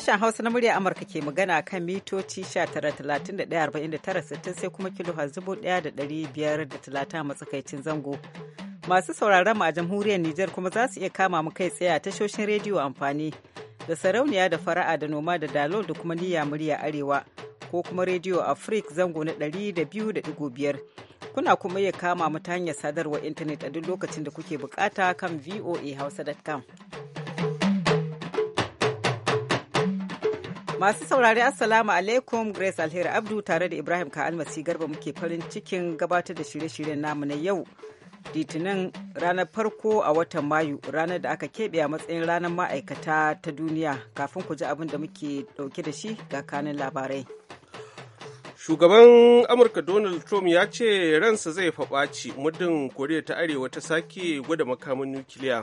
Sashen Hausa na murya Amurka ke magana kan mitoci 19,31,49 sai kuma kilo hazubu 1,530 matsakaicin zango. Masu sauraron mu a jamhuriyar Nijar kuma za su iya kama mu kai tsaye a tashoshin rediyo amfani da sarauniya da fara'a da noma da dalo da kuma niyya murya arewa ko kuma rediyo Afrik zango na 200.5. Kuna kuma iya kama mu ta hanyar sadarwar intanet a duk lokacin da kuke bukata kan voa voahausa.com. Masu saurari Assalamu alaikum Grace Alheri Abdu tare da Ibrahim Ka'almasi Garba muke farin cikin gabatar da shirye-shiryen namu na yau. Litinin ranar farko a watan Mayu ranar da aka keɓe a matsayin ranar ma'aikata ta duniya kafin ku ji abin da muke ɗauke da shi ga kanin labarai. Shugaban Amurka Donald Trump ya ce ransa zai faɓaci muddin Koriya ta Arewa ta sake gwada makamin nukiliya.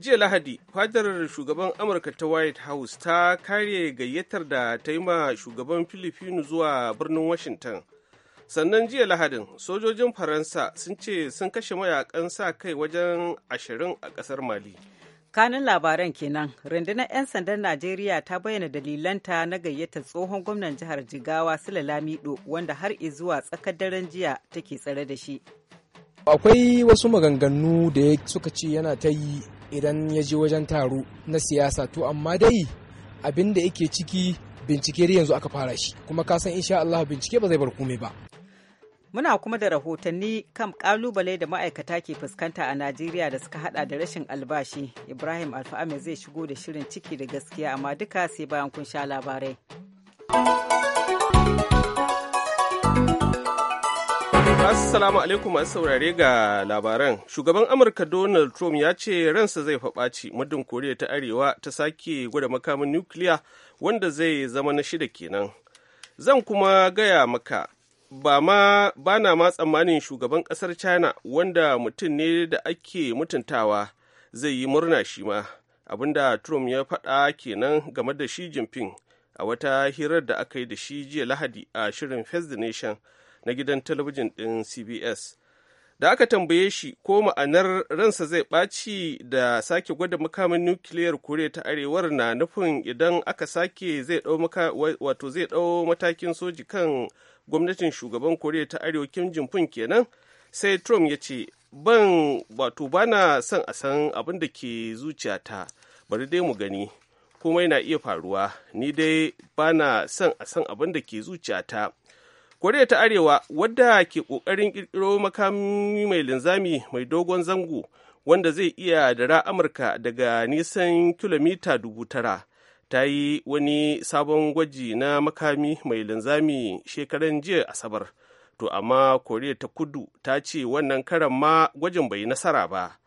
jiya lahadi fadar shugaban amurka ta white house ta kare gayyatar da ta yi ma shugaban filifinu zuwa birnin washington sannan jiya lahadin sojojin faransa sun ce sun kashe mayakan sa kai wajen ashirin a kasar mali kanin labaran kenan rundunar 'yan sandan najeriya ta bayyana dalilanta na gayyatar tsohon gwamnan jihar jigawa sula lamido wanda har izuwa tsakar daren jiya take tsare da shi akwai wasu maganganu da suka ce yana ta yi idan ya je wajen taro na siyasa to amma dai abin da yake ciki bincike da yanzu aka fara shi kuma ka san insha Allah bincike ba zai bar komai ba Muna kuma da rahotanni kan kalubale da ma'aikata ke fuskanta a Najeriya da suka hada da rashin albashi. Ibrahim Alfa'ame zai shigo da shirin ciki da gaskiya amma duka sai bayan kun sha labarai. Assalamu alaikum masu saurare ga labaran. Shugaban Amurka Donald Trump ya ce ransa zai faɓaci muddin Koriya ta Arewa ta sake gwada makamin nukiliya wanda zai zama na shida kenan. Zan kuma gaya maka ba ma ba na ma tsammanin shugaban ƙasar China wanda mutum ne da ake mutuntawa zai yi murna shi ma. Abinda Trump ya faɗa kenan game da Xi Jinping a wata hirar da aka yi da shi jiya Lahadi a shirin Face Nation. na gidan talabijin ɗin cbs da aka tambaye shi ko ma'anar ransa zai ɓaci da sake gwada makamin nukiliyar koriya ta arewar na nufin idan aka sake zai wato ɗau matakin soji kan gwamnatin shugaban koriya ta arewa kim jin kenan sai trump ya ce ban wato bana son a san abin da ke zuciyata bari dai mu gani komai na iya faruwa ni dai bana son a san abin da ke zuciyata koriya ta arewa wadda ke ƙoƙarin ƙirƙiro makami mai linzami mai dogon zango wanda zai iya dara amurka daga nisan kilomita dubu tara ta yi wani sabon gwaji na makami mai linzami shekaran jiya asabar to amma koriya ta kudu ta ce wannan karan ma gwajin bai nasara ba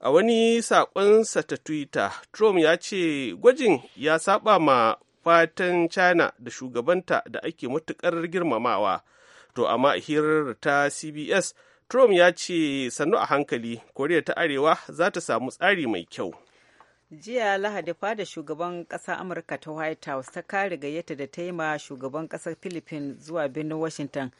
a wani saƙonsa ta twitter trump ya ce gwajin ya saba ma fatan china da shugabanta da ake matukar girmamawa to amma hirar ta cbs trump ya ce sannu a hankali koriya ta arewa za ta samu tsari mai kyau jiya lahadi fada shugaban ƙasa amurka ta white house ta kare gayyata da ta yi shugaban ƙasar philippines zuwa birnin washington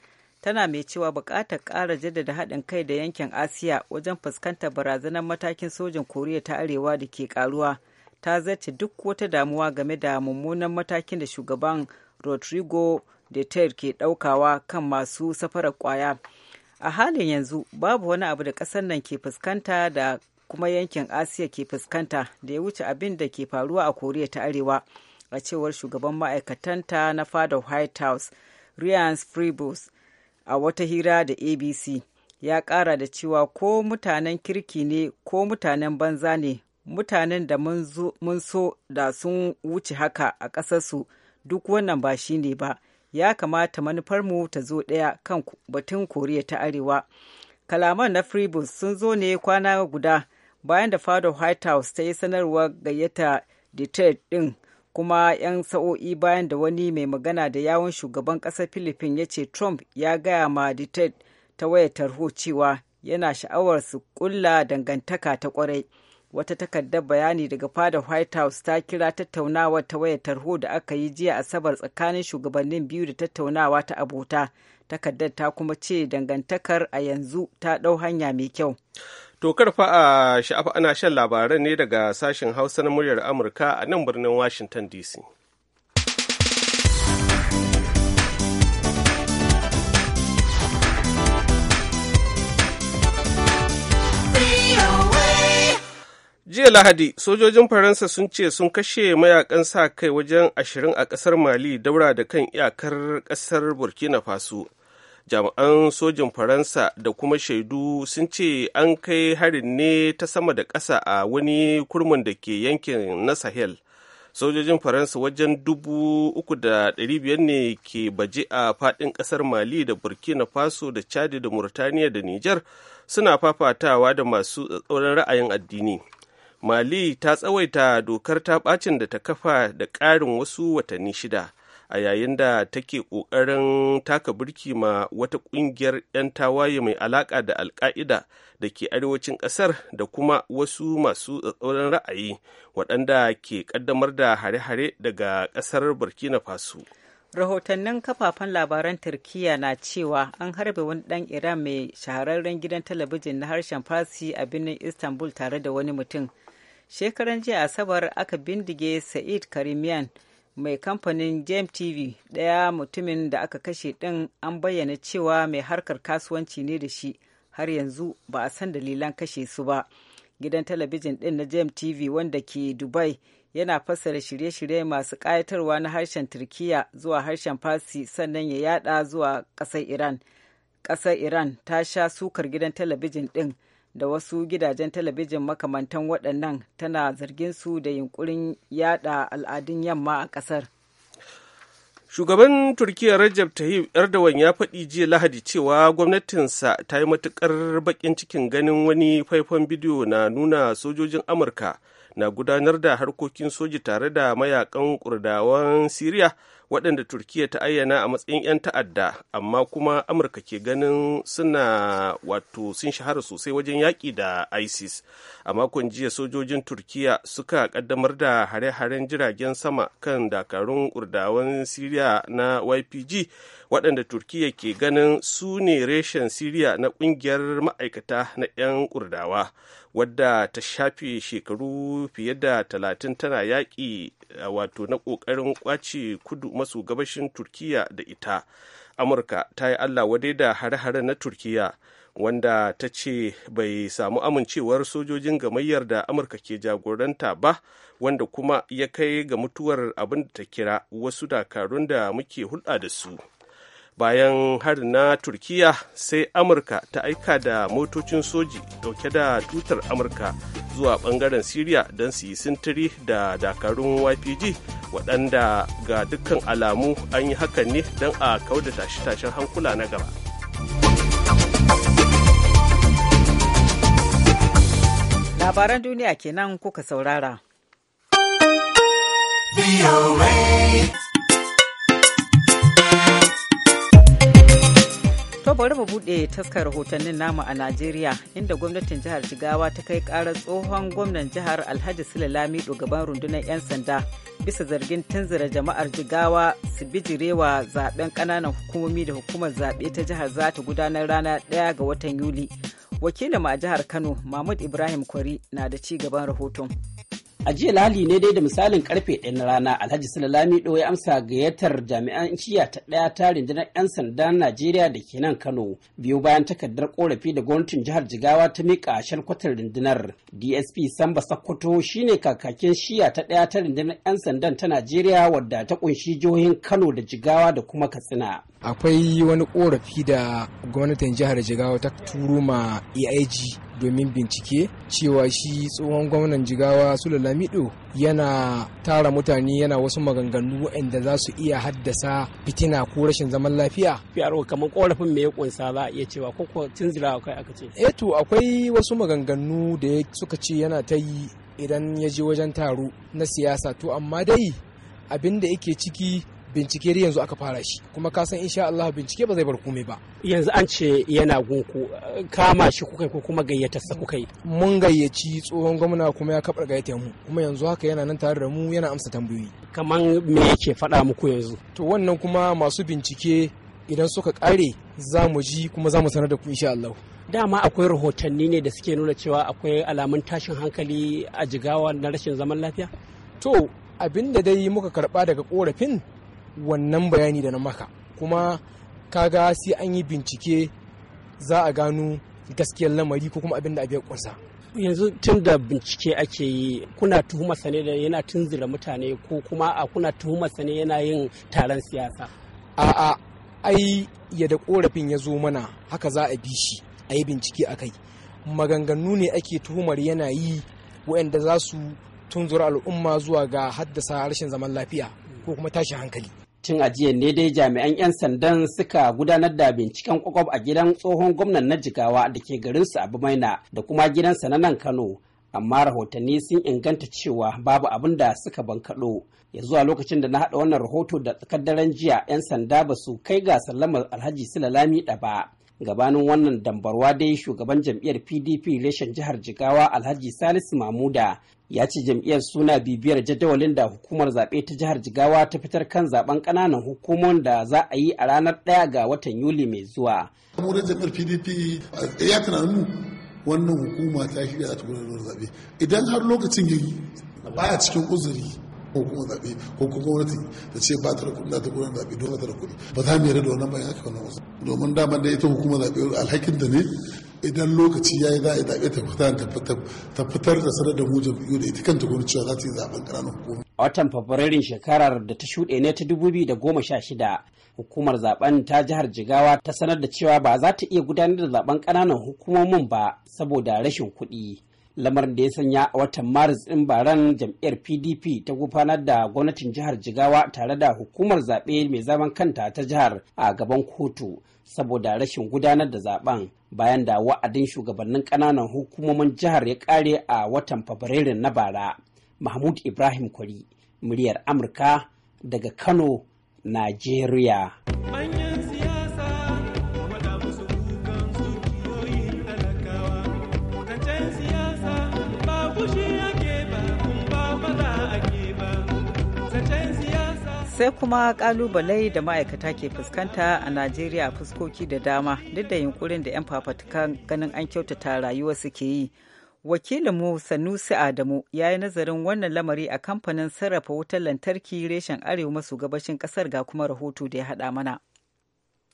tana mai cewa buƙatar ƙara jaddada haɗin kai da yankin asiya wajen fuskantar barazanar matakin sojin koriya ta arewa da ke ƙaruwa. ta zarce duk wata damuwa game da mummunan matakin da shugaban rodrigo duterte ke ɗaukawa kan masu safarar kwaya a halin yanzu babu wani abu da ƙasar nan ke fuskanta da kuma yankin asiya ke fuskanta da ya wuce abin da ke faruwa a koriya ta arewa a cewar shugaban ma'aikatanta na fadar white house ryan freebus a wata hira da abc ya kara da cewa ko mutanen kirki ne ko mutanen banza ne mutanen da mun so da sun wuce haka a ƙasarsu duk wannan ba shi ne ba ya kamata manufarmu ta zo ɗaya kan batun koriya ta arewa kalaman na freebus sun zo ne kwana guda bayan da fadar white house ta yi sanarwar gayyata detroit ɗin kuma 'yan sa'o'i bayan da wani mai magana da yawon shugaban ƙasar philippines ya ce trump ya gaya ma detroit ta wayar tarho cewa yana sha'awar su kulla dangantaka ta kwarai wata takardar bayani daga fadar white house ta kira tattaunawa ta wayar tarho da aka yi jiya asabar tsakanin shugabannin biyu da tattaunawa ta abota takardar ta kuma ce dangantakar a yanzu ta ɗau hanya mai kyau Tokar karfa a sha'afa ana shan labaran ne daga sashen hausa na muryar amurka a nan birnin washington dc jiya lahadi sojojin faransa sun ce sun kashe mayakan sa kai wajen ashirin a kasar mali daura da kan iyakar kasar burkina faso jami'an sojin faransa da kuma shaidu sun ce an kai harin ne ta sama da ƙasa a wani kurmin da ke yankin na sahel sojojin faransa wajen dubu uku da ɗari biyar ne ke baje a faɗin ƙasar mali da burkina faso da chadi da murtaniya da niger suna fafatawa da masu tsatsauran ra'ayin addini mali ta tsawaita dokar ta bacin da ta kafa da ƙarin wasu watanni shida a yayin da take ƙoƙarin taka birki ma wata ƙungiyar 'yan tawaye mai alaƙa da alƙa'ida da ke arewacin ƙasar da kuma wasu masu tsatsauran ra'ayi waɗanda ke ƙaddamar da hare-hare daga ƙasar burkina faso rahotannin kafafen labaran turkiya na cewa an harbe wani ɗan iran mai shahararren gidan talabijin na harshen fasi a birnin istanbul tare da wani mutum shekaran jiya asabar aka bindige sa'id karimian mai kamfanin gem tv ɗaya mutumin da aka kashe ɗin an bayyana cewa mai harkar kasuwanci ne da shi har yanzu ba a san dalilan kashe su ba gidan talabijin ɗin na gem tv wanda ke dubai yana fassara shirye-shirye masu ƙayatarwa na harshen turkiya zuwa harshen fasi sannan ya yada zuwa ƙasar iran ƙasar iran ta sha sukar gidan talabijin ɗin da wasu gidajen talabijin makamantan waɗannan tana zargin su da yunkurin yada al'adun yamma a ƙasar. Shugaban Turkiyya Rajab Tayyip Erdogan ya faɗi jiya Lahadi cewa gwamnatinsa ta yi matuƙar baƙin cikin ganin wani faifan bidiyo na nuna sojojin Amurka na gudanar da harkokin soji tare da mayakan kurdawan Siriya waɗanda turkiya ta ayyana a matsayin 'yan ta'adda amma kuma amurka ke ganin suna wato sun shahara sosai wajen yaƙi da isis a makon jiya sojojin turkiya suka ƙaddamar da hare-haren jiragen sama kan dakarun kurdawan siriya na ypg waɗanda turkiya ke ganin su ne reshen siriya na ƙungiyar ma'aikata na 'yan kurdawa wadda ta shafe shekaru fiye da talatin tana yaƙi wato na ƙoƙarin ƙwace kudu maso gabashin turkiya da ita amurka ta yi allah wadai da hare-hare na turkiya wanda ta ce bai samu amincewar sojojin gamayyar da amurka ke jagoranta ba wanda kuma ya kai ga mutuwar abin da ta kira wasu dakarun da muke hulɗa da su bayan harin na turkiya sai amurka ta aika da motocin soji dauke da tutar amurka zuwa bangaren syria don su yi sintiri da dakarun ypg waɗanda ga dukkan alamu an yi hakan ne don a kauda tashe-tashen hankula na gaba labaran duniya kenan kuka saurara. To bari mu buɗe taskar rahotannin namu a Najeriya inda gwamnatin jihar Jigawa ta kai ƙarar tsohon gwamnan jihar Alhaji Sule Lamido gaban rundunar 'yan sanda bisa zargin tunzura jama'ar Jigawa su bijirewa zaben ƙananan hukumomi da hukumar zaɓe ta jihar za ta gudanar rana ɗaya ga watan Yuli. Wakilin a jihar Kano Mahmud Ibrahim Kwari na da ci gaban rahoton. A jiya lali ne dai da misalin karfe ɗaya na rana Alhaji salalami ɗo ya amsa gayyatar jami'an shiya ta ɗaya ta rundunar 'yan sandan Najeriya da ke nan Kano biyu bayan takardar korafi da gwamnatin jihar Jigawa ta miƙa shalkwatar rundunar. DSP Samba Sakkwato shine kakakin shiya ta ɗaya ta rundunar 'yan sandan ta Najeriya wadda ta kunshi jihohin Kano da Jigawa da kuma Katsina. Akwai wani korafi da gwamnatin jihar Jigawa ta turo ma EIG domin bincike cewa shi tsohon gwamnan jigawa sula lamido yana tara mutane yana wasu maganganu waɗanda za su iya haddasa fitina ko rashin zaman lafiya. Fiyarwa kamar korafin me ya kunsa za a iya cewa ko ko tunzira akwai aka ce. Eh to akwai wasu maganganu da suka ce yana ta yi idan ya je wajen taro na siyasa to amma dai abin da yake ciki bincike yanzu aka fara shi kuma ka san insha Allah bincike ba zai bar komai ba yanzu an ce yana gunku kama shi kuka ko kuma gayyatarsa mm. kuka yi mun gayyaci tsohon gwamna kuma ya kabar gayyata mu kuma yanzu haka yana nan tare da mu yana amsa tambayoyi kaman me yake faɗa muku yanzu to wannan kuma masu bincike idan suka kare za mu ji kuma za mu sanar da ku insha Allah dama akwai rahotanni ne da suke nuna cewa akwai alamun tashin hankali a jigawa na rashin zaman lafiya to abin da dai muka karba daga korafin wannan bayani da na maka kuma kaga sai an yi bincike za a gano gaskiyar lamari ko kuma abin da abin kunsa yanzu tun da bincike ake yi kuna tuhumar sane da yana tunzura mutane ko kuma a kuna tuhumar sane yana yin taron siyasa a'a ai da korafin ya zo mana haka za a bi shi a yi bincike a kai maganganu ne ake tuhumar yana yi wa'anda za su tunzura al'umma zuwa ga haddasa rashin zaman lafiya ko kuma tashin hankali Tun a ne dai jami'an 'yan sandan suka gudanar da binciken kwakwab a gidan tsohon gwamnan na jigawa da ke garinsu a abu da kuma gidansa na nan Kano. Amma rahotanni sun inganta cewa babu abin da suka bankaɗo. Ya zuwa lokacin da na haɗa wannan rahoto da tsakar daren jiya 'yan sanda ba su kai ga sallamar Alhaji Sulalami da ba. gabanin wannan dambarwa dai shugaban jam'iyyar pdp reshen jihar jigawa alhaji salisu mamuda ya ce jam'iyyar suna bibiyar jadawalin da hukumar zaɓe ta jihar jigawa ta fitar kan zaben ƙananan hukumomin da za a yi a ranar ɗaya ga watan yuli mai zuwa. mu jam'iyyar pdp eh, ya tunanin wannan hukuma ta shirya a da zaɓe idan har lokacin yayi baya cikin uzuri ko zaɓe ko kuma gwamnati ta ce ba ta da kuɗi ta gudanar zaɓe don ta da kuɗi ba za mu yarda da wannan bayan haka wannan wasu domin daman da ita hukumar zaɓe alhakin da ne idan lokaci ya yi za a yi zaɓe ta fitar da sanar da mu jam'iyyu da ita kanta gwamnati cewa za ta yi zaɓen ƙananan hukuma. a watan fabrairun shekarar da ta shuɗe ne ta da goma sha shida hukumar zaɓen ta jihar jigawa ta sanar da cewa ba za ta iya gudanar da zaɓen ƙananan hukumomin ba saboda rashin kuɗi lamarin da ya sanya a watan maris ɗin baran jam'iyyar pdp ta gufanar da gwamnatin jihar jigawa tare da hukumar zaɓe mai zaman kanta ta jihar a gaban kotu saboda rashin gudanar da zaɓen. bayan da wa'adin shugabannin ƙananan hukumomin jihar ya ƙare a watan fabrairun na bara mahmud ibrahim kwari muryar amurka daga kano najeriya sai kuma kalubale da ma'aikata ke fuskanta a najeriya fuskoki da dama duk da yunkurin da 'yan fafatukan ganin an kyautata rayuwa su ke yi wakilinmu sanusi adamu ya yi nazarin wannan lamari a kamfanin sarrafa wutar lantarki reshen arewa maso gabashin kasar ga kuma rahoto da ya haɗa mana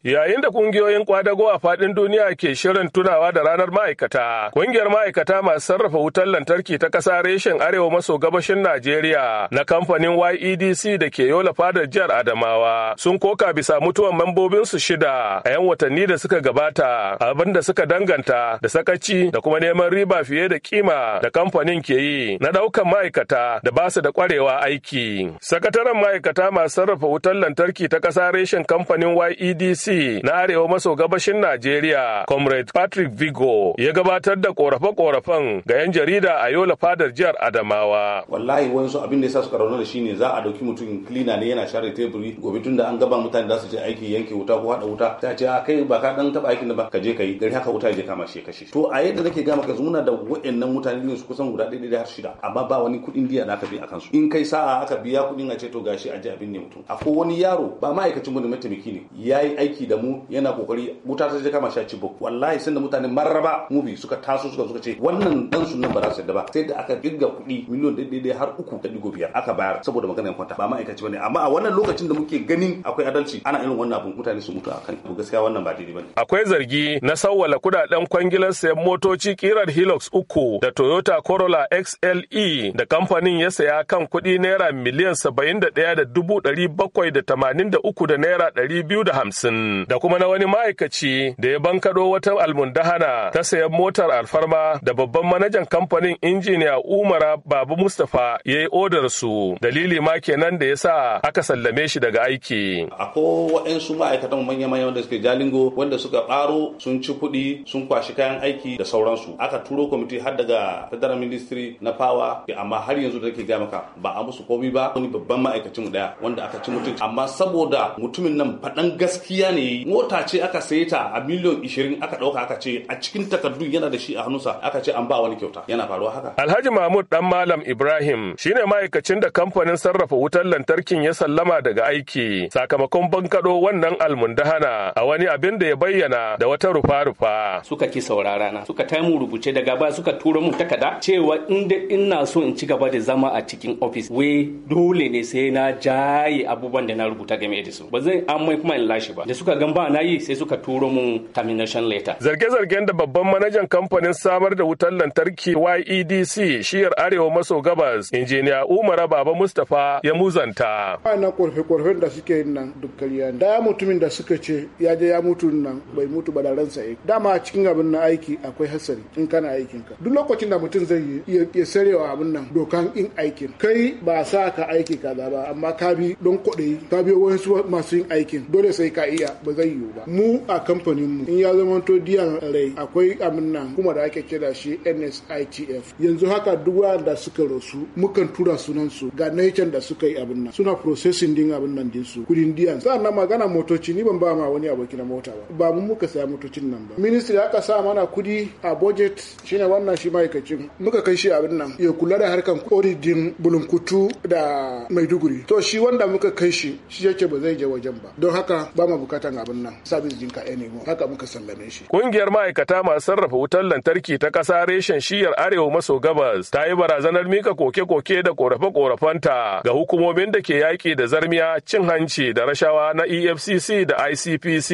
Yayin da kungiyoyin kwadago a faɗin duniya ke shirin tunawa da ranar ma'aikata, kungiyar ma'aikata masu sarrafa wutar lantarki ta ƙasa reshen arewa maso gabashin Najeriya na kamfanin YEDC da ke yola fadar jihar Adamawa sun koka bisa mutuwan mambobinsu shida a yan watanni da suka gabata, abin da suka danganta da sakaci da kuma neman riba fiye da kima da kamfanin ke yi na ɗaukan ma'aikata da ba su da ƙwarewa aiki. Sakataren ma'aikata masu sarrafa wutar lantarki ta ƙasa reshen kamfanin YEDC APC na Arewa maso gabashin Najeriya, Comrade Patrick Vigo, ya gabatar da korafe-korafen ga 'yan jarida a Yola Fadar Jihar Adamawa. Wallahi wasu abin da ya sa suka rauna da shi ne za a dauki mutum cleaner ne yana share teburi gobe tun da an gaba mutane za su je aiki yanke wuta ko hada wuta ta ce a kai ba ka dan taɓa aikin da ba ka je yi gari haka wuta je kama shi kashe to a yadda nake gama ka muna da wayannan mutane ne su kusan guda ɗaya har shida amma ba wani kuɗin diya na ka bi kan su in kai sa'a aka biya kuɗin a ce to gashi a je abin ne mutum akwai wani yaro ba ma'aikacin mu da mataimaki ne yi aiki aiki da mu yana kokari wuta ta je kama shi a cibok wallahi sun da mutane marraba mubi suka taso suka suka ce wannan dan nan ba za su yadda ba sai da aka gigga kuɗi miliyon daidai har uku da digo biyar aka bayar saboda maganar kwanta ba ma'aikaci bane amma a wannan lokacin da muke ganin akwai adalci ana irin wannan abun mutane su mutu akan to gaskiya wannan ba daidai bane akwai zargi na sawwala kudaden kwangilar sayan motoci kirar Hilux uku da Toyota Corolla XLE da kamfanin ya saya kan kuɗi naira miliyan saba'in da ɗaya da dubu ɗari bakwai da tamanin da uku da naira ɗari biyu da hamsin da kuma na wani ma'aikaci da ya bankado wata almundahana ta sayan motar alfarma da babban manajan kamfanin injiniya Umara Babu Mustapha ya yi odar su dalili ma kenan da ya sa aka sallame shi daga aiki. Akwai waɗansu ma'aikatan manya-manya wanda suke jalingo wanda suka ɓaro sun ci kuɗi sun kwashi kayan aiki da sauransu. Aka turo kwamiti har daga Federal Ministry na Power amma har yanzu da take gaya maka ba a musu komi ba wani babban ma'aikacin daya wanda aka ci mutunci amma saboda mutumin nan faɗan gaskiya ne ne mota ce aka saye ta a miliyon 20 aka dauka aka ce a cikin takardu yana da shi a hannunsa aka ce an ba wani kyauta yana faruwa haka Alhaji Mahmud dan Malam Ibrahim shine ma'aikacin da kamfanin sarrafa wutar lantarkin ya sallama daga aiki sakamakon bankado wannan almundahana a wani abin da ya bayyana da wata rufa-rufa suka ki saurara na suka mu rubuce daga ba suka turo mu takada, cewa inda ina so in ci gaba da zama a cikin ofis we dole ne sai na jaye abubuwan da na rubuta game da su ba zan amai kuma in lashe ba da suka suka gan ba na yi sai suka turo mun termination letter zarge-zargen da babban manajan kamfanin samar da wutar lantarki YEDC shiyar arewa maso gabas injiniya Umar Baba Mustapha ya muzanta na korfe-korfen da suke yin nan duk kariya ne da mutumin da suka ce ya je ya mutu nan bai mutu ba da ransa yake dama cikin abin na aiki akwai hasari in kana aikin ka duk lokacin da mutum zai yi ya sarewa abin nan dokan in aikin kai ba sa ka aiki kaza ba amma ka bi don kuɗi ka bi wasu masu yin aikin dole sai ka iya ba zai yiwu ba mu a kamfanin mu in ya zama to diyan rai akwai abin nan kuma da ake kira shi NSITF yanzu haka duk da suka rasu mukan tura sunan su ga nation da suka yi abin nan suna processing din abin nan din su kudin diyan sannan magana motoci ni ban ba ma wani aboki na mota ba ba mu muka saya motocin nan ba ministry aka sa mana kudi a budget shine wannan shi ma'aikacin muka kai shi abin nan ya kula da harkan din bulunkutu da maiduguri to shi wanda muka kai shi shi yake ba zai je wajen ba don haka ba mu bukatar bukatan abin nan sabis jinka haka muka sallame shi kungiyar ma'aikata masu sarrafa wutar lantarki ta ƙasa reshen shiyar arewa maso gabas ta yi barazanar mika koke-koke da korafe-korafenta ga hukumomin da ke yaƙi da zarmiya cin hanci da rashawa na efcc da icpc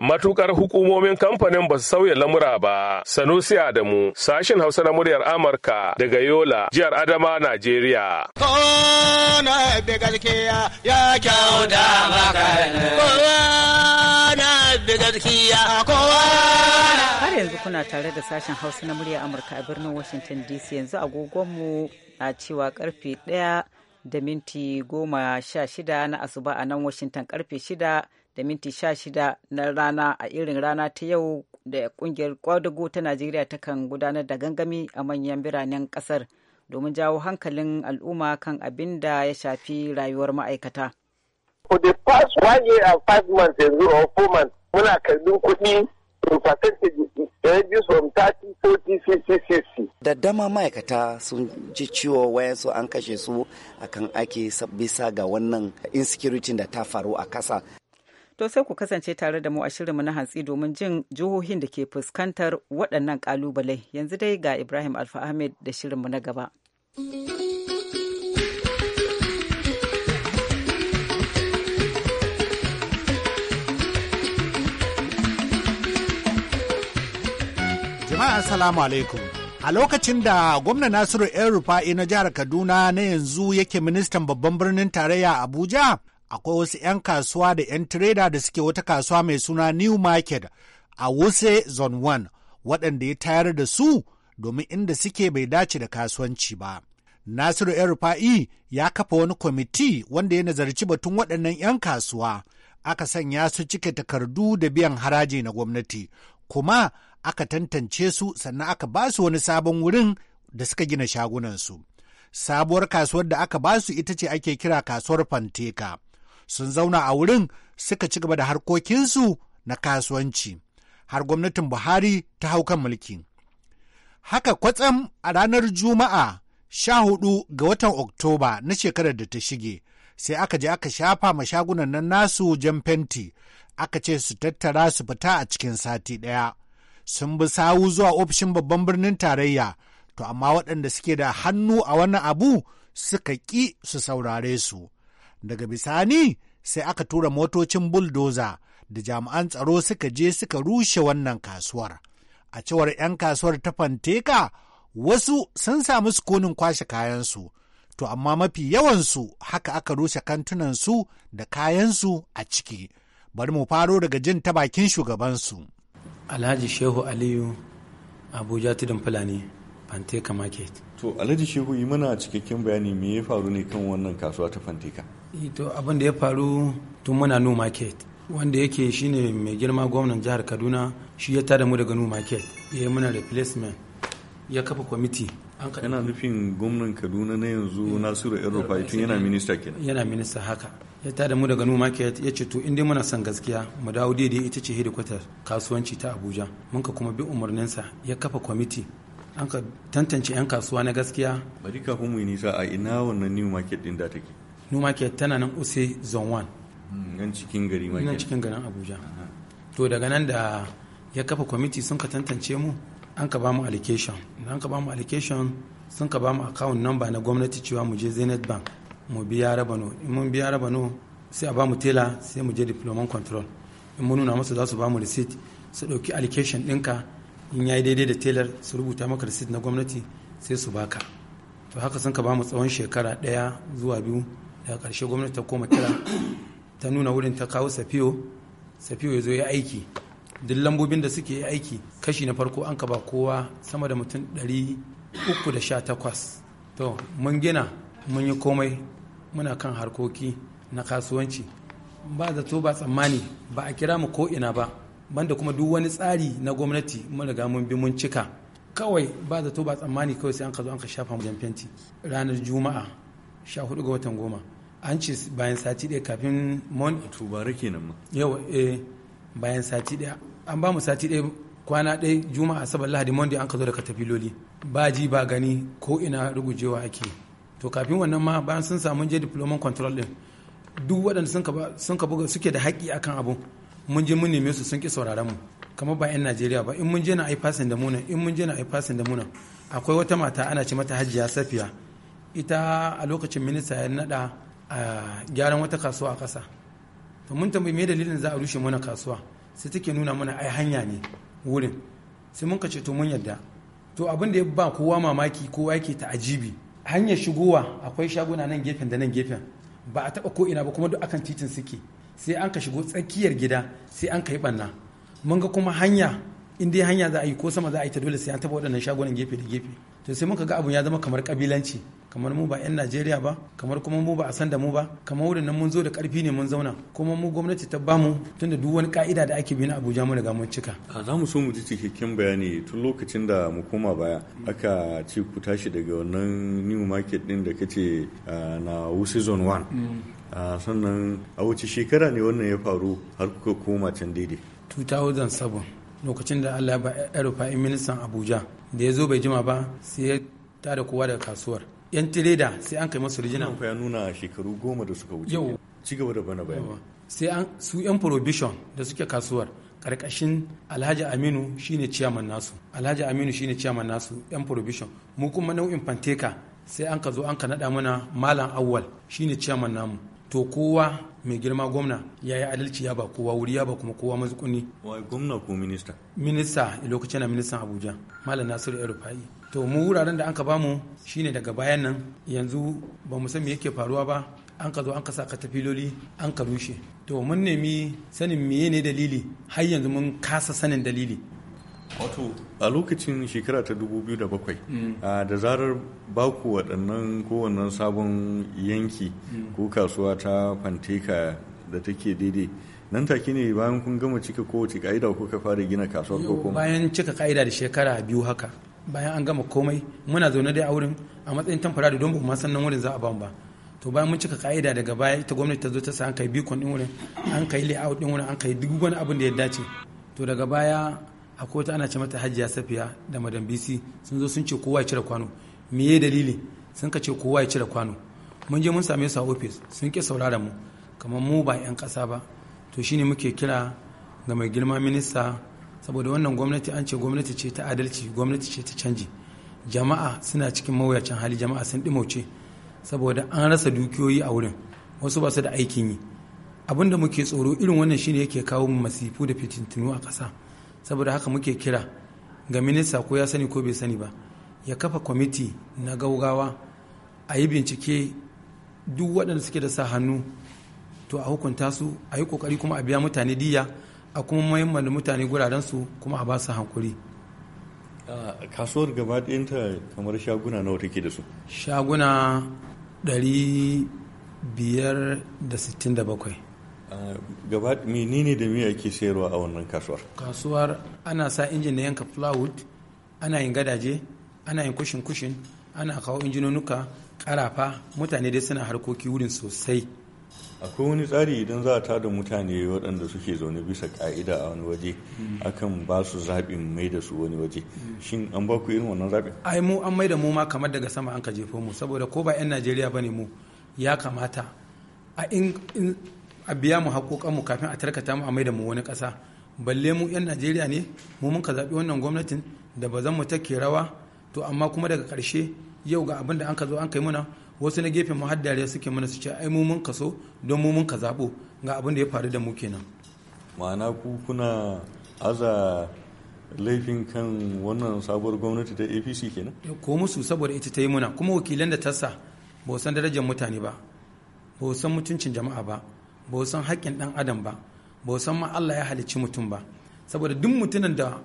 matukar hukumomin kamfanin ba su sauya lamura ba sanusi adamu sashin hausa na muryar amurka daga yola jihar adama najeriya ya kyau da na da gaskiya kowa har yanzu kuna tare da sashen hausa na murya amurka a birnin washington dc yanzu agogonmu na cewa karfe ɗaya da minti goma sha shida na asuba a nan washington karfe shida da minti sha shida na rana a irin rana ta yau da kungiyar kwadago ta najeriya kan gudanar da gangami a manyan biranen kasar domin jawo hankalin al'umma kan abin da ya shafi rayuwar ma'aikata for the past one year and five months yanzu eh, or four months muna karbin kuɗi the percentage ranges from 30 40 50 60 da dama ma'aikata sun ji ciwo wayansu an kashe su akan ake bisa ga wannan insecurity da ta faru a kasa to sai ku kasance tare da mu a shirinmu na hantsi domin jin jihohin da ke fuskantar waɗannan ƙalubale yanzu dai ga ibrahim alfa ahmed da shirinmu na gaba. Assalamu alaikum. A lokacin da gwamna Nasiru ‘yan rufa'i na jihar Kaduna na yanzu yake ministan babban birnin tarayya Abuja, akwai wasu ‘yan kasuwa da ‘yan tireda da suke wata kasuwa mai suna New Market a Wuse Zone 1, waɗanda ya tayar da su domin inda suke bai dace da kasuwanci ba. Nasiru ‘yan rufa'i ya kafa wani kwamiti wanda ya nazarci batun waɗannan ‘yan kasuwa. Aka sanya su cike takardu da biyan haraji na gwamnati, kuma aka tantance su sannan aka ba su wani sabon wurin da suka gina shagunansu. Sabuwar kasuwar da aka ba su ita ce ake kira kasuwar Fanteka. Sun zauna a wurin suka ci gaba da harkokinsu na kasuwanci. Har gwamnatin Buhari ta hau kan mulki. Haka kwatsam a ranar Juma'a sha hudu ga watan Oktoba na shekarar da ta shige, sai aka je aka shafa ma shagunan nan nasu jan fenti, aka ce su tattara su fita a cikin sati ɗaya. sun bi sawu zuwa ofishin babban birnin tarayya to amma waɗanda suke da hannu a wani abu suka ƙi su saurare su daga bisani sai aka tura motocin buldoza da jami'an tsaro suka je suka rushe wannan kasuwar a cewar 'yan kasuwar ta fanteka wasu sun samu sukunin kwashe kayansu to amma mafi yawansu haka aka rushe kantunansu da kayansu a ciki bari mu faro daga jin ta bakin shugabansu alhaji shehu aliyu abuja tudun fulani fanteka market to alhaji shehu yi mana cikakken bayani me ya faru ne kan wannan kasuwa ta fanteka eh, to abin da ya faru tun muna new market wanda yake shine mai girma gwamnan jihar kaduna shi ya tada mu daga new market ya yi mana replacement ya kafa kwamiti yana nufin gwamnan kaduna na yanzu eh, nasiru yan tun yana eh, minista kenan yana minista haka ya tada mu daga new market ya ce to in dai muna son gaskiya mu dawo daidai ita ce hedikwatar kasuwanci ta abuja mun ka kuma bi umarninsa ya kafa kwamiti an ka tantance 'yan kasuwa na gaskiya bari kafin mu yi nisa a ina wannan new market din da take new market tana nan use zone 1 hmm, nan cikin gari market nan cikin garin abuja to daga nan da ya kafa kwamiti sun ka tantance mu an ka ba mu allocation an ka ba mu allocation sun ka ba mu account number na gwamnati cewa mu je zenith bank mu biya rabano in mun biya rabano sai a bamu tela sai mu je diploman control in mun nuna masa za su bamu receipt su ɗauki allocation ɗinka in yayi daidai da telar su rubuta maka receipt na gwamnati sai su baka to haka sun ka mu tsawon shekara ɗaya zuwa biyu daga karshe gwamnati ta koma tela ta nuna wurin ta kawo safiyo safiyo ya zo ya aiki duk lambobin da suke aiki kashi na farko an ka ba kowa sama da mutum 318 to mun gina mun yi komai muna kan harkoki na kasuwanci ba zato ba tsammani ba a kira mu ko ina ba banda kuma duk wani tsari na gwamnati mun riga mun bi mun cika kawai ba zato ba tsammani kawai sai an ka zo an ka shafa mu fenti ranar juma'a 14 ga watan goma an ce bayan sati ɗaya kafin mon tubare kenan ma yau eh bayan sati ɗaya an ba mu sati ɗaya kwana ɗaya juma'a saboda lahadi monday an ka zo daga tafiloli ba ji ba gani ko ina rugujewa ake to kafin wannan ma bayan sun samu je diploma control din duk waɗanda sun ka buga suke da haƙƙi akan abu mun je mun neme su sun ki sauraron mu kamar ba 'yan najeriya ba in mun je na ai fasin da muna in mun je na ai fasin da muna akwai wata mata ana ce mata hajiya safiya ita a lokacin minista ya nada a gyaran wata kasuwa a ƙasa to mun tambayi me dalilin za a rushe mana kasuwa sai take nuna mana ai hanya ne wurin sai mun ka ce to mun yadda to abin da ya ba kowa mamaki kowa yake ta ajibi hanyar shigowa akwai shaguna nan gefen da nan gefen ba a taba ko'ina ba kuma duk akan titin suke sai an ka shigo tsakiyar gida sai an ka yi ɓanna mun ga kuma hanya in dai hanya za a yi ko sama za a yi ta dole sai an taba waɗannan shagunan gefe da gefe to sai muka ga abun ya zama kamar kabilanci kamar mu ba 'yan najeriya ba kamar kuma mu ba a san da mu ba kamar wurin nan mun zo da karfi ne mun zauna kuma mu gwamnati ta bamu tunda duk wani ka'ida da ake bi na abuja mu riga mun cika a za mu so mu ji cikakken bayani tun lokacin da mu koma baya aka ce ku tashi daga wannan new market din da kace na wu season 1 mm. sannan a wace shekara ne wannan ya faru har kuka koma can daidai 2007 lokacin da allah ba ya ministan abuja da ya zo bai jima ba sai ya tada kowa daga kasuwar yan tireda sai an kai masu rijina ya nuna shekaru goma da suka wuce yau ci gaba da bana bayan. sai an su yan prohibition da suke kasuwar karkashin alhaji aminu shine ciyaman nasu alhaji aminu shine ciyaman nasu yan prohibition mu kuma nau'in fanteka sai an ka zo an ka naɗa mana malam awwal shine ciyaman namu to kowa mai girma gwamna ya yi adalci ya ba kowa wuri ya ba kuma kowa mazukuni. Wai gwamna ko minista? Minista a lokacin na ministan Abuja, Malam Nasiru Erufai. To mu wuraren da an ka bamu shine daga bayan nan yanzu ba mu san me yake faruwa ba an ka zo an ka sa katafiloli an ka rushe. To mun nemi sanin meye ne dalili har yanzu mun kasa sanin dalili. wato a lokacin shekara ta 2007 mm. da zarar baku waɗannan kowannen sabon yanki mm. ko kasuwa ta fanteka da take daidai nan take ne bayan kun gama cika kowace ka'ida kuka fara gina kasuwar ko kuma bayan cika ka'ida da shekara biyu haka bayan an gama komai muna zaune dai a wurin a matsayin tamfara da don ba san nan wurin za a ban ba to bayan mun cika ka'ida daga baya ita gwamnati ta zo ta sa an kai bikon din wurin an kai layout din wurin an kai duk wani abin da ya dace to daga baya akwai wata ana ce mata hajiya safiya da madam bc sun zo sun ce kowa ya cire kwano me ye dalili sun ka ce kowa ya cire kwano mun je mun same su a ofis sun ki saurara mu kamar mu ba 'yan kasa ba to shine muke kira ga mai girma minista saboda wannan gwamnati an ce gwamnati ce ta adalci gwamnati ce ta canji jama'a suna cikin mawuyacin hali jama'a sun ɗimauce saboda an rasa dukiyoyi a wurin wasu ba su da aikin yi abin da muke tsoro irin wannan shine yake kawo masifu da fitintunu a ƙasa saboda haka muke kira ga minista ko ya sani ko bai sani ba ya kafa kwamiti na gaugawa a yi bincike duk waɗanda suke da sa hannu to a hukunta su a yi kokari kuma a biya mutane diya a kuma mahimman da mutane guraren su kuma a ba su hankuri kasuwar gaba ɗinta kamar shaguna nawa take da su shaguna 567 Eh, gaba menene da me ake sayarwa a wannan kasuwar kasuwar ana sa injin na yanka plywood ana yin gadaje ana yin kushin kushin ana kawo injinonuka karafa mutane dai suna harkoki wurin sosai akwai wani tsari idan za a tada mutane waɗanda suke zaune bisa ka'ida a wani waje hmm. akan ba su zaɓin mai da su wani waje hmm. shin an ba ku irin wannan zaɓin ai mu an mai da mu ma kamar daga sama an ka jefo mu saboda ko ba 'yan najeriya ba ne mu ya kamata a a biya mu haƙoƙanmu kafin a tarkata mu a mai da mu wani ƙasa balle mu 'yan najeriya ne mu mun ka zaɓi wannan gwamnatin da ba zan mu take rawa to amma kuma daga ƙarshe yau ga abin da an ka zo an kai muna wasu na gefen mu har dariya suke mana su ce ai mu mun kaso don mu mun ka zaɓo ga abin da ya faru da mu kenan ma'ana ku kuna aza laifin kan wannan sabuwar gwamnati ta apc kenan ko musu saboda ita ta yi muna kuma wakilan da ta sa ba san darajar mutane ba ba san mutuncin jama'a ba ba san haƙƙin ɗan adam ba ba san ma Allah ya halicci mutum ba saboda duk mutumin da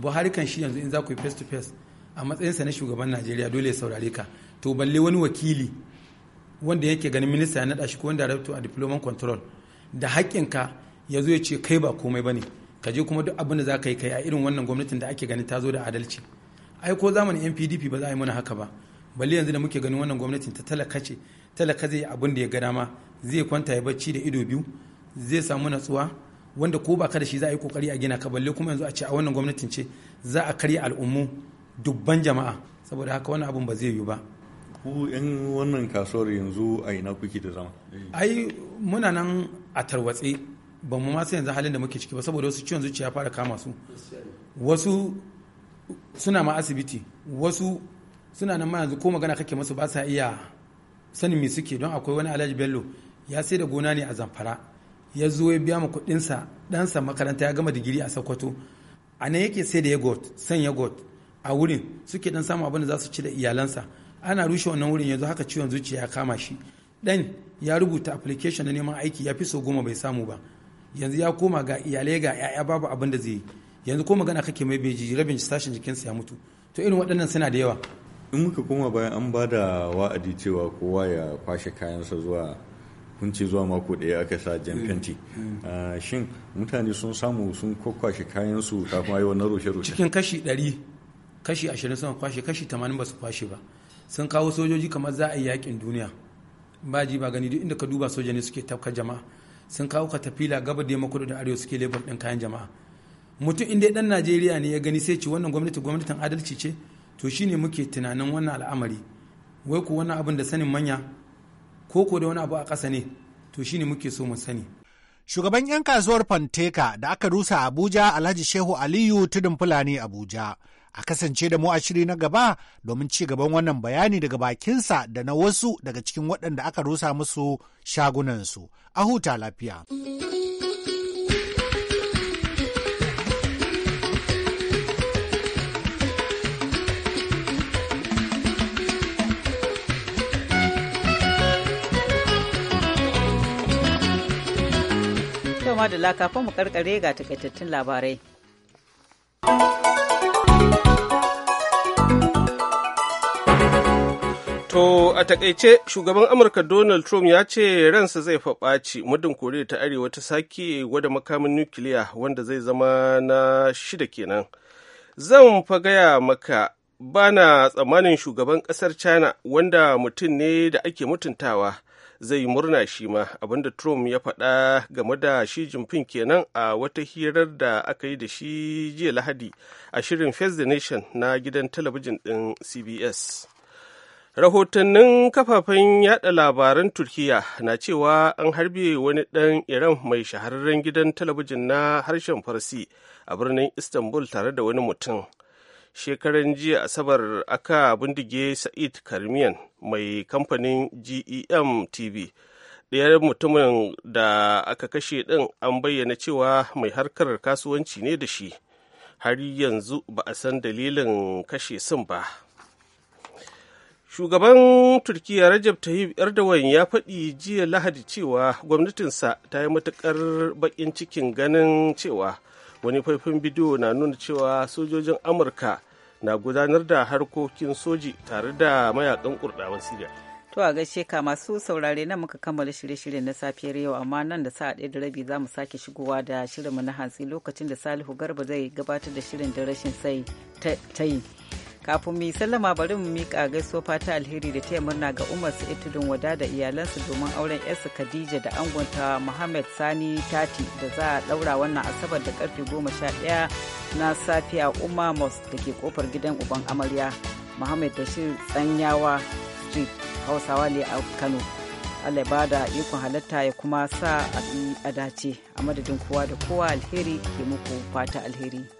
Buhari kan shi yanzu in za ku yi face to face a matsayinsa na shugaban Najeriya dole ya saurare ka to balle wani wakili wanda yake ganin minista ya naɗa shi ko wanda rabto a diploma control da haƙƙin ka ya zo ya ce kai ba komai ba ne ka je kuma duk abin da za ka yi kai a irin wannan gwamnatin da ake ganin ta zo da adalci ai ko zamanin NPDP ba za a yi mana haka ba balle yanzu da muke ganin wannan gwamnatin ta talaka ce talaka zai abin da ya ga dama zai kwanta ya bacci da ido biyu zai samu natsuwa wanda ko ba ka da shi za a yi kokari a gina ka balle kuma yanzu a ce a wannan gwamnatin ce za a karya al'ummu dubban jama'a saboda haka wannan abun ba zai yiwu ba ku yan wannan kasuwar yanzu a ina kuke da zama ai muna nan a tarwatse ba mu ma yanzu halin da muke ciki ba saboda wasu ciwon zuciya fara kama su wasu suna ma asibiti wasu suna nan ma yanzu ko magana kake masu ba sa iya sanin me suke don akwai wani alhaji bello ya sai da gona ne a zamfara ya zo ya biya mu kuɗinsa ɗansa makaranta ya gama digiri a sokoto a nan yake sai da yagot san yagot a wurin suke dan samu abin da za su ci da iyalansa ana rushe wannan wurin yanzu haka ciwon zuciya ya kama shi dan ya rubuta application na neman aiki ya fi so goma bai samu ba yanzu ya koma ga iyalai ga 'ya'ya babu abin da zai yi yanzu ko magana kake mai beji rabin sashen jikinsa ya mutu to irin waɗannan suna da yawa in muka koma bayan an ba da wa'adi cewa kowa ya kwashe kayansa zuwa kun ce zuwa mako ɗaya aka sa jan mm. fenti mm. Ah, shin mutane sun samu sun kwakwashe kayan su kafin ayi wannan rushe rushe cikin kashi 100 kashi 20 sun kwashe kashi 80 ba su kwashe ba sun kawo sojoji kamar za a yi yakin duniya ba ji ba gani duk inda ka duba soja ne suke tafka jama'a sun kawo katafila gaba da makudu da arewa suke lebur ɗin kayan jama'a mutum inda dan najeriya ne ya gani sai ce wannan gwamnati gwamnatin adalci ce to shine muke tunanin wannan al'amari wai ku wannan abin da sanin manya ko ko da wani abu a ƙasa ne to shine muke so mu sani shugaban 'yan kasuwar fanteka da aka rusa abuja alhaji shehu aliyu tudun fulani abuja a kasance da mu a shiri na gaba domin ci gaban wannan bayani daga bakinsa da na wasu daga cikin waɗanda aka rusa musu shagunansu a huta lafiya. ma da laka mu karkare ga takaitattun labarai. To a takaice shugaban Amurka Donald Trump ya ce ransa zai faɓaci muddin Koriya ta Arewa ta sake gwada makamin nukiliya wanda zai zama na shida kenan. Zan fa maka bana tsammanin shugaban ƙasar China wanda mutum ne da ake mutuntawa zai murna shi ma abinda trump ya faɗa game da shi jinping kenan a wata hirar da aka yi da shi jiya lahadi a shirin face the nation na gidan talabijin ɗin cbs rahotannin kafafen yada labaran turkiya na cewa an harbe wani ɗan iran mai shahararren gidan talabijin na harshen farsi a birnin istanbul tare da wani mutum shekaran jiya asabar aka bindige sa'id karmiyan mai kamfanin gem tv ɗayar mutumin da aka kashe ɗin an bayyana cewa mai harkar kasuwanci ne da shi har yanzu ba a san dalilin kashe sun ba shugaban turkiya rajab tayyip erdogan ya faɗi jiya lahadi cewa gwamnatinsa ta yi matuƙar baƙin cikin ganin cewa wani faifin bidiyo na nuna cewa sojojin amurka na gudanar da harkokin soji tare da mayakan kurdawan Siriya. To a gaishe ka masu saurare nan muka kammala shirye-shiryen na safiyar yau amma nan da sa'a ɗaya da rabi za mu sake shigowa da shirinmu na hantsi lokacin da Salihu Garba zai gabatar da shirin da rashin sai ta yi. kafin mu sallama bari mu miƙa gaisuwa fata alheri da taya murna ga umar su tudun wada da iyalansu domin auren yarsu khadija da angonta muhammad sani tati da za a ɗaura wannan asabar da karfe goma sha ɗaya na safiya umma mos da ke kofar gidan uban amarya muhammad shi tsanyawa street hausawa ne a kano allah ba da ikon halatta ya kuma sa a dace a madadin kowa da kowa alheri ke muku fata alheri